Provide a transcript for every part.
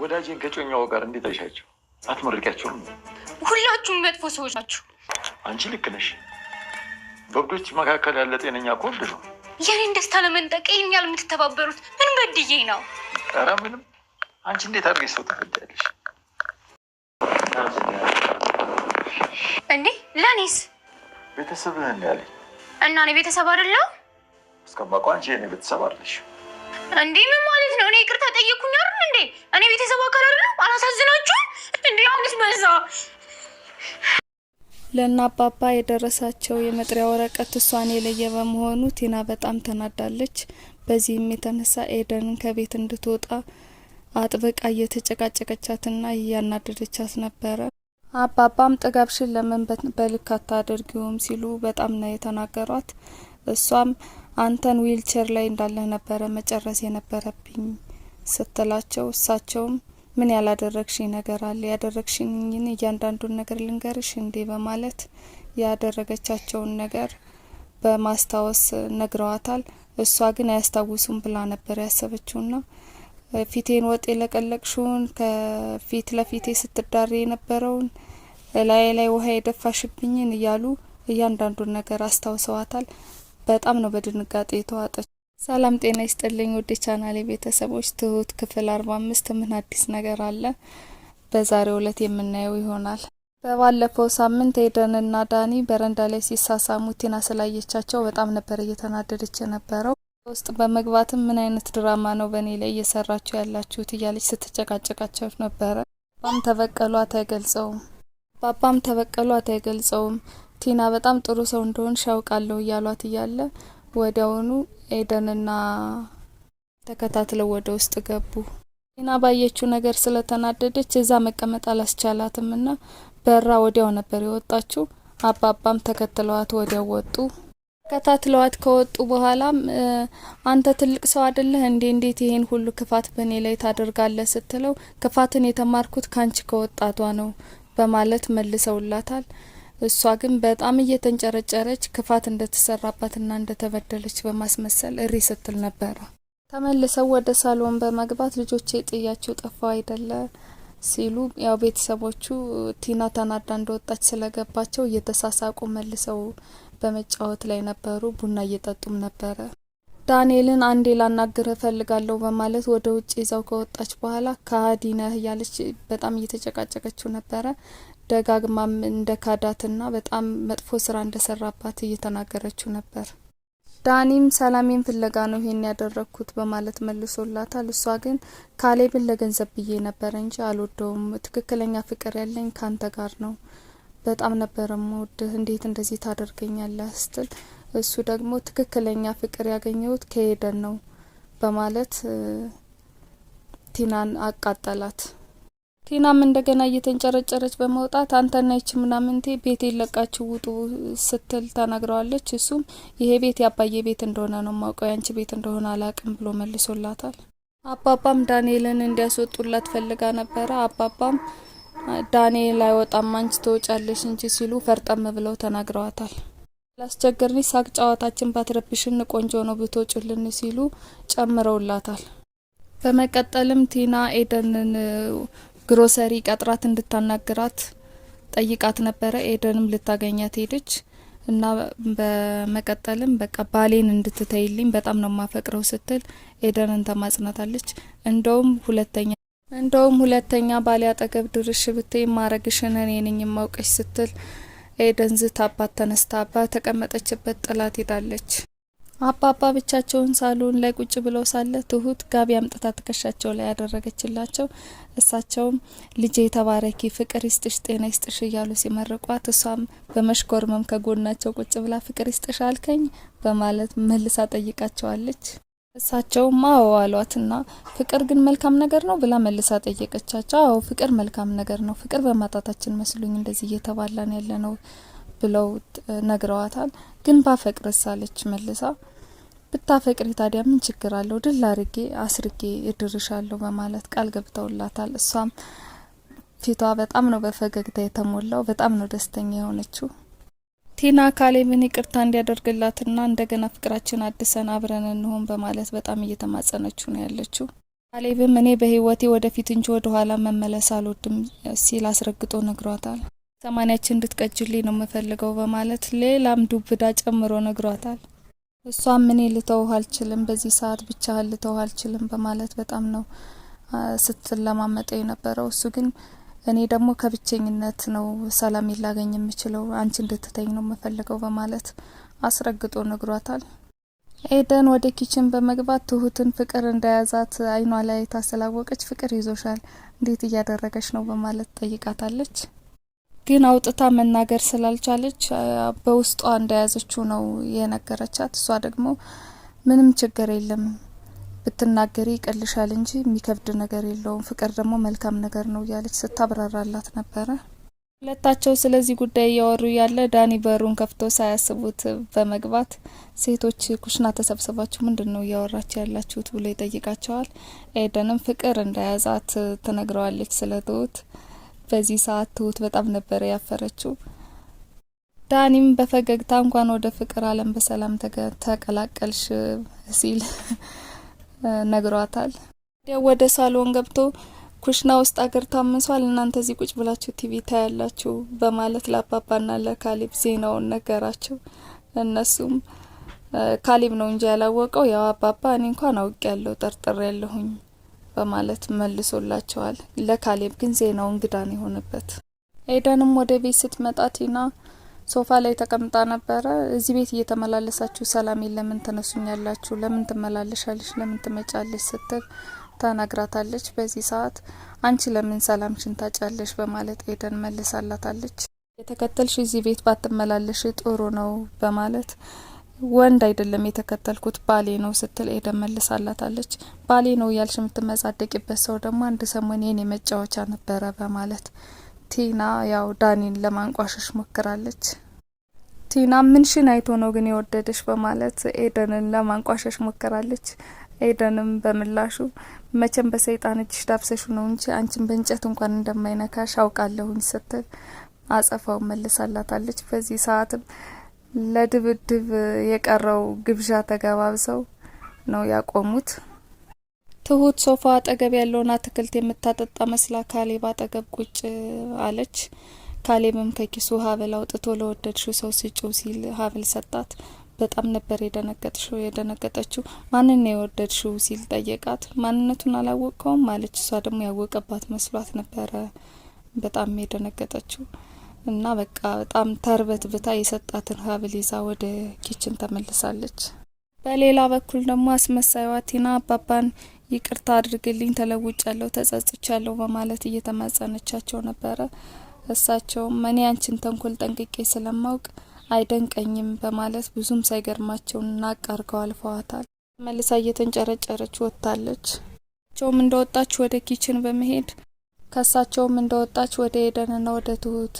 ወዳጄ ከጮኛው ጋር እንዴት አይሻቸው? አትመርቂያቸውም? ሁላችሁም መጥፎ ሰዎች ናችሁ። አንቺ ልክ ነሽ። በብዶች መካከል ያለ ጤነኛ እኮ እብድ ነው። የኔን ደስታ ለመንጠቅ ይህን ያህል የምትተባበሩት ምን በድዬ ነው? ኧረ ምንም። አንቺ እንዴት አድርገሽ ሰው ትፈጃለሽ? እንዴ ለእኔስ ነን ያለኝ እና እኔ ቤተሰብ አይደለሁ እስከማውቀው አንቺ የኔ ቤተሰብ አለሽ። እንዲህ ምማ ነው? እኔ ይቅርታ ጠየቅኩኝ አይደል እንዴ? እኔ ቤተሰብ አካል አይደለም? አላሳዝናችሁም እንዴ? አሁንስ በዛ። ለእነ አባባ የደረሳቸው የመጥሪያ ወረቀት እሷን የለየ በመሆኑ ቲና በጣም ተናዳለች። በዚህም የተነሳ ኤደንን ከቤት እንድትወጣ አጥብቃ እየተጨቃጨቀቻትና እያናደደቻት ነበረ። አባባም ጥጋብሽን ለምን በልክ አታደርጊውም ሲሉ በጣም ነው የተናገሯት። እሷም አንተን ዊልቸር ላይ እንዳለህ ነበረ መጨረስ የነበረብኝ ስትላቸው እሳቸውም ምን ያላደረግሽኝ ነገር አለ? ያደረግሽኝን እያንዳንዱን ነገር ልንገርሽ እንዴ? በማለት ያደረገቻቸውን ነገር በማስታወስ ነግረዋታል። እሷ ግን አያስታውሱም ብላ ነበር ያሰበችውና ፊቴን ወጥ የለቀለቅሽውን ከፊት ለፊቴ ስትዳሪ የነበረውን ላይ ላይ ውሃ የደፋሽብኝን እያሉ እያንዳንዱን ነገር አስታውሰዋታል። በጣም ነው በድንጋጤ የተዋጠች። ሰላም ጤና ይስጥልኝ ውድ ቻናሌ ቤተሰቦች፣ ትሁት ክፍል አርባ አምስት ምን አዲስ ነገር አለ በዛሬው ዕለት የምናየው ይሆናል። በባለፈው ሳምንት ኤደንና ዳኒ በረንዳ ላይ ሲሳሳሙ ቲና ስላየቻቸው በጣም ነበር እየተናደደች የነበረው። ውስጥ በመግባትም ምን አይነት ድራማ ነው በእኔ ላይ እየሰራችሁ ያላችሁት እያለች ስትጨቃጨቃቸው ነበረ። ባም ተበቀሉ አት በአባም ባባም ተበቀሉ ቲና በጣም ጥሩ ሰው እንደሆን ሻውቃለሁ እያሏት እያለ ወዲያውኑ ኤደንና ተከታትለው ወደ ውስጥ ገቡ። ቲና ባየችው ነገር ስለተናደደች እዛ መቀመጥ አላስቻላትም እና በራ ወዲያው ነበር የወጣችው። አባባም ተከትለዋት ወዲያው ወጡ። ተከታትለዋት ከወጡ በኋላም አንተ ትልቅ ሰው አይደለህ እንዴ እንዴት ይሄን ሁሉ ክፋት በእኔ ላይ ታደርጋለህ? ስትለው ክፋትን የተማርኩት ካንቺ ከወጣቷ ነው በማለት መልሰውላታል። እሷ ግን በጣም እየተንጨረጨረች ክፋት እንደተሰራባትና እንደተበደለች በማስመሰል እሪ ስትል ነበረ። ተመልሰው ወደ ሳሎን በመግባት ልጆቼ ጥያቸው ጠፋው አይደለ ሲሉ ያው ቤተሰቦቹ ቲና ተናዳ እንደወጣች ስለገባቸው እየተሳሳቁ መልሰው በመጫወት ላይ ነበሩ። ቡና እየጠጡም ነበረ። ዳንኤልን አንዴ ላናግር እፈልጋለሁ በማለት ወደ ውጭ ይዛው ከወጣች በኋላ ከሀዲ ነህ እያለች በጣም እየተጨቃጨቀችው ነበረ። ደጋግማም እንደ ካዳትና በጣም መጥፎ ስራ እንደሰራባት እየተናገረችው ነበር። ዳኒም ሰላሜን ፍለጋ ነው ይሄን ያደረግኩት በማለት መልሶላታል። እሷ ግን ካሌብን ለገንዘብ ብዬ ነበረ እንጂ አልወደውም። ትክክለኛ ፍቅር ያለኝ ካንተ ጋር ነው። በጣም ነበረ ምወድህ። እንዴት እንደዚህ ታደርገኛለህ? ስትል እሱ ደግሞ ትክክለኛ ፍቅር ያገኘሁት ከሄደን ነው በማለት ቲናን አቃጠላት። ቴናም እንደገና እየተንጨረጨረች በመውጣት አንተና ይች ምናምንቴ ቤት የለቃችሁ ውጡ ስትል ተናግረዋለች። እሱም ይሄ ቤት ያባዬ ቤት እንደሆነ ነው ማውቀው፣ ያንቺ ቤት እንደሆነ አላቅም ብሎ መልሶላታል። አባባም ዳንኤልን እንዲያስወጡላት ፈልጋ ነበረ። አባባም ዳንኤል አይወጣም አንቺ ትወጫለሽ እንጂ ሲሉ ፈርጠም ብለው ተናግረዋታል። ላስቸገርኒ ሳቅ ጨዋታችን ባትረብሽን ቆንጆ ነው ብትወጭልን ሲሉ ጨምረውላታል። በመቀጠልም ቲና ኤደንን ግሮሰሪ ቀጥራት እንድታናግራት ጠይቃት ነበረ። ኤደንም ልታገኛት ሄደች እና በመቀጠልም በቃ ባሌን እንድትተይልኝ በጣም ነው ማፈቅረው ስትል ኤደንን ተማጽናታለች። እንደውም ሁለተኛ እንደውም ሁለተኛ ባሌ አጠገብ ድርሽ ብትይ ማረግሽን እኔ ነኝ የማውቅሽ ስትል ኤደን ዝታባት ተነስታባ ተቀመጠችበት ጥላት ሄዳለች። አባባ ብቻቸውን ሳሎን ላይ ቁጭ ብለው ሳለ ትሁት ጋቢ አምጥታ ትከሻቸው ላይ ያደረገችላቸው። እሳቸውም ልጄ የተባረኪ ፍቅር ይስጥሽ ጤና ይስጥሽ እያሉ ሲመርቋት፣ እሷም በመሽኮርመም ከጎናቸው ቁጭ ብላ ፍቅር ይስጥሽ አልከኝ በማለት መልሳ ጠይቃቸዋለች። እሳቸውም አዎ አሏትና ፍቅር ግን መልካም ነገር ነው ብላ መልሳ ጠየቀቻቸው። አዎ ፍቅር መልካም ነገር ነው፣ ፍቅር በማጣታችን መስሉኝ እንደዚህ እየተባላን ያለ ነው ብለው ነግረዋታል። ግን ባፈቅርስ አለች መልሳ ብታፈቅሪ ታዲያ ምን ችግር አለው? ድል አርጌ አስርጌ እድርሻለሁ በማለት ቃል ገብተውላታል። እሷም ፊቷ በጣም ነው በፈገግታ የተሞላው። በጣም ነው ደስተኛ የሆነችው። ቲና ካሌብን ይቅርታ እንዲያደርግላትና እንደገና ፍቅራችን አድሰን አብረን እንሆን በማለት በጣም እየተማጸነችው ነው ያለችው። ካሌብም እኔ በህይወቴ ወደፊት እንጂ ወደኋላ መመለስ አልወድም ሲል አስረግጦ ነግሯታል። ሰማኒያችን እንድትቀጅልኝ ነው የምፈልገው በማለት ሌላም ዱብዳ ጨምሮ ነግሯታል። እሷም ምን ልተው አልችልም፣ በዚህ ሰዓት ብቻ ልተው አልችልም በማለት በጣም ነው ስትለማመጠው የነበረው። እሱ ግን እኔ ደግሞ ከብቸኝነት ነው ሰላም ላገኝ የምችለው፣ አንቺ እንድትተኝ ነው የምፈልገው በማለት አስረግጦ ነግሯታል። ኤደን ወደ ኪችን በመግባት ትሁትን ፍቅር እንደያዛት አይኗ ላይ ታስላወቀች። ፍቅር ይዞሻል፣ እንዴት እያደረገች ነው በማለት ጠይቃታለች። ግን አውጥታ መናገር ስላልቻለች በውስጧ እንደያዘችው ነው የነገረቻት። እሷ ደግሞ ምንም ችግር የለም ብትናገሪ ይቀልሻል እንጂ የሚከብድ ነገር የለውም፣ ፍቅር ደግሞ መልካም ነገር ነው እያለች ስታብራራላት ነበረ። ሁለታቸው ስለዚህ ጉዳይ እያወሩ ያለ ዳኒ በሩን ከፍቶ ሳያስቡት በመግባት ሴቶች ኩሽና ተሰብስባችሁ ምንድን ነው እያወራችሁ ያላችሁት ብሎ ይጠይቃቸዋል። ኤደንም ፍቅር እንደያዛት ትነግረዋለች ስለ ትሁት በዚህ ሰዓት ትሁት በጣም ነበረ ያፈረችው። ዳኒም በፈገግታ እንኳን ወደ ፍቅር አለም በሰላም ተቀላቀልሽ ሲል ነግሯታል። ወደ ሳሎን ገብቶ ኩሽና ውስጥ አገር ታምሷል። እናንተ እዚህ ቁጭ ብላችሁ ቲቪ ታያላችሁ በማለት ለአባባና ለካሊብ ዜናውን ነገራቸው። እነሱም ካሊብ ነው እንጂ ያላወቀው ያው አባባ እኔ እንኳን አውቅ ያለው ጠርጥር ያለሁኝ በማለት መልሶላቸዋል። ለካሌብ ግን ዜናው እንግዳ ነው የሆነበት። ኤደንም ወደ ቤት ስትመጣ ቲና ሶፋ ላይ ተቀምጣ ነበረ። እዚህ ቤት እየተመላለሳችሁ ሰላሜን ለምን ተነሱኛላችሁ? ለምን ትመላለሻለች? ለምን ትመጫለች? ስትል ተናግራታለች። በዚህ ሰዓት አንቺ ለምን ሰላምሽን ታጫለሽ? በማለት ኤደን መልሳላታለች። የተከተልሽ እዚህ ቤት ባትመላለሽ ጥሩ ነው በማለት ወንድ አይደለም የተከተልኩት ባሌ ነው ስትል ኤደን መልሳላታለች። ባሌ ነው እያልሽ የምትመጻደቂበት ሰው ደግሞ አንድ ሰሞን የኔ መጫወቻ ነበረ በማለት ቲና ያው ዳኒን ለማንቋሸሽ ሞክራለች። ቲና ምንሽን አይቶ ነው ግን የወደደሽ በማለት ኤደንን ለማንቋሸሽ ሞክራለች። ኤደንም በምላሹ መቼም በሰይጣን እጅሽ ዳብሰሹ ነው እንጂ አንቺን በእንጨት እንኳን እንደማይነካሽ አውቃለሁኝ ስትል አጸፋው መልሳላታለች። በዚህ ሰዓትም ለድብድብ የቀረው ግብዣ ተገባብሰው ነው ያቆሙት። ትሁት ሶፋ አጠገብ ያለውን አትክልት የምታጠጣ መስላ ካሌብ አጠገብ ቁጭ አለች። ካሌብም ከኪሱ ሀብል አውጥቶ ለወደድሽው ሰው ስጭው ሲል ሀብል ሰጣት። በጣም ነበር የደነገጥሽው የደነገጠችው ማንን የወደድሽው ሲል ጠየቃት። ማንነቱን አላወቀውም አለች። እሷ ደግሞ ያወቀባት መስሏት ነበረ በጣም የደነገጠችው። እና በቃ በጣም ተርበት ብታ የሰጣትን ሀብል ይዛ ወደ ኪችን ተመልሳለች። በሌላ በኩል ደግሞ አስመሳይዋ ቲና አባባን ይቅርታ አድርግልኝ፣ ተለውጭ ያለው ተጸጽች በማለት እየተማጸነቻቸው ነበረ። እሳቸውም እኔ አንቺን ተንኮል ጠንቅቄ ስለማውቅ አይደንቀኝም በማለት ብዙም ሳይገርማቸው ናቅ አርገው አልፈዋታል። መልሳ እየተንጨረጨረች ወጥታለች። ቸውም እንደወጣች ወደ ኪችን በመሄድ ከእሳቸውም እንደወጣች ወደ ኤደንና ወደ ትሁት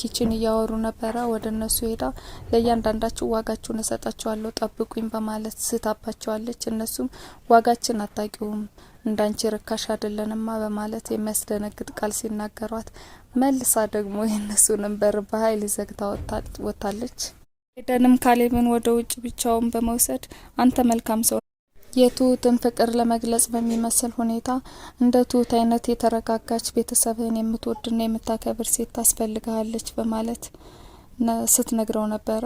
ኪችን እያወሩ ነበረ። ወደ እነሱ ሄዳ ለእያንዳንዳችሁ ዋጋችሁን እሰጣችኋለሁ ጠብቁኝ በማለት ስታባቸዋለች። እነሱም ዋጋችን አታቂውም እንዳንቺ ርካሽ አይደለንማ በማለት የሚያስደነግጥ ቃል ሲናገሯት መልሳ ደግሞ የእነሱንም በር በኃይል ዘግታ ወጥታለች። ኤደንም ካሌብን ወደ ውጭ ብቻውን በመውሰድ አንተ መልካም ሰው የትሁትን ፍቅር ለመግለጽ በሚመስል ሁኔታ እንደ ትሁት አይነት የተረጋጋች ቤተሰብህን የምትወድና የምታከብር ሴት ታስፈልግሃለች በማለት ስትነግረው ነበረ።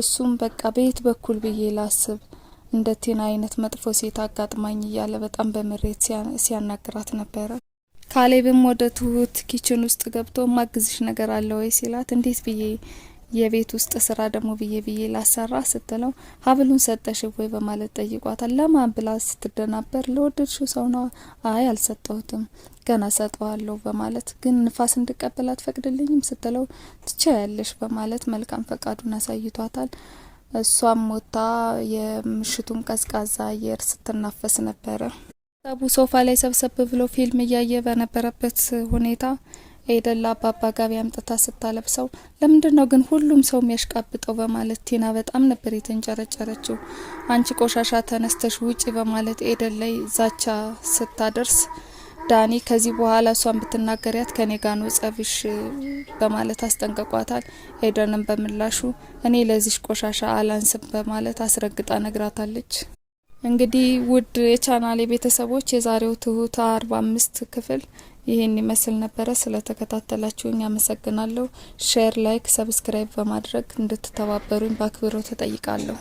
እሱም በቃ በየት በኩል ብዬ ላስብ እንደ ቴና አይነት መጥፎ ሴት አጋጥማኝ እያለ በጣም በምሬት ሲያናግራት ነበረ። ካሌብም ወደ ትሁት ኪችን ውስጥ ገብቶ ማግዝሽ ነገር አለ ወይ ሲላት እንዴት ብዬ የቤት ውስጥ ስራ ደግሞ ብዬ ብዬ ላሰራ ስትለው ሀብሉን ሰጠሽ ወይ በማለት ጠይቋታል። ለማን ብላ ስትደናበር ለወደድሽው ሰው ነው። አይ አልሰጠሁትም፣ ገና ሰጠዋለሁ በማለት ግን ንፋስ እንድቀበል አትፈቅድልኝም ስትለው ትችያለሽ በማለት መልካም ፈቃዱን አሳይቷታል። እሷም ሞታ የምሽቱን ቀዝቃዛ አየር ስትናፈስ ነበረ። ሰቡ ሶፋ ላይ ሰብሰብ ብሎ ፊልም እያየ በነበረበት ሁኔታ ኤደን ለአባባ ጋቢ አምጥታ ስታለብሰው ለምንድን ነው ግን ሁሉም ሰው የሚያሽቃብጠው በማለት ቲና በጣም ነበር የተንጨረጨረችው። አንቺ ቆሻሻ ተነስተሽ ውጪ በማለት ኤደን ላይ ዛቻ ስታደርስ ዳኒ ከዚህ በኋላ እሷን ብትናገሪያት ከኔ ጋር ነው ጸብሽ በማለት አስጠንቅቋታል። ኤደንም በምላሹ እኔ ለዚሽ ቆሻሻ አላንስም በማለት አስረግጣ ነግራታለች። እንግዲህ ውድ የቻናሌ ቤተሰቦች የዛሬው ትሁት አርባ አምስት ክፍል ይህን ይመስል ነበረ። ስለተከታተላችሁኝ አመሰግናለሁ። ሼር፣ ላይክ፣ ሰብስክራይብ በማድረግ እንድትተባበሩኝ በአክብሮት ተጠይቃለሁ።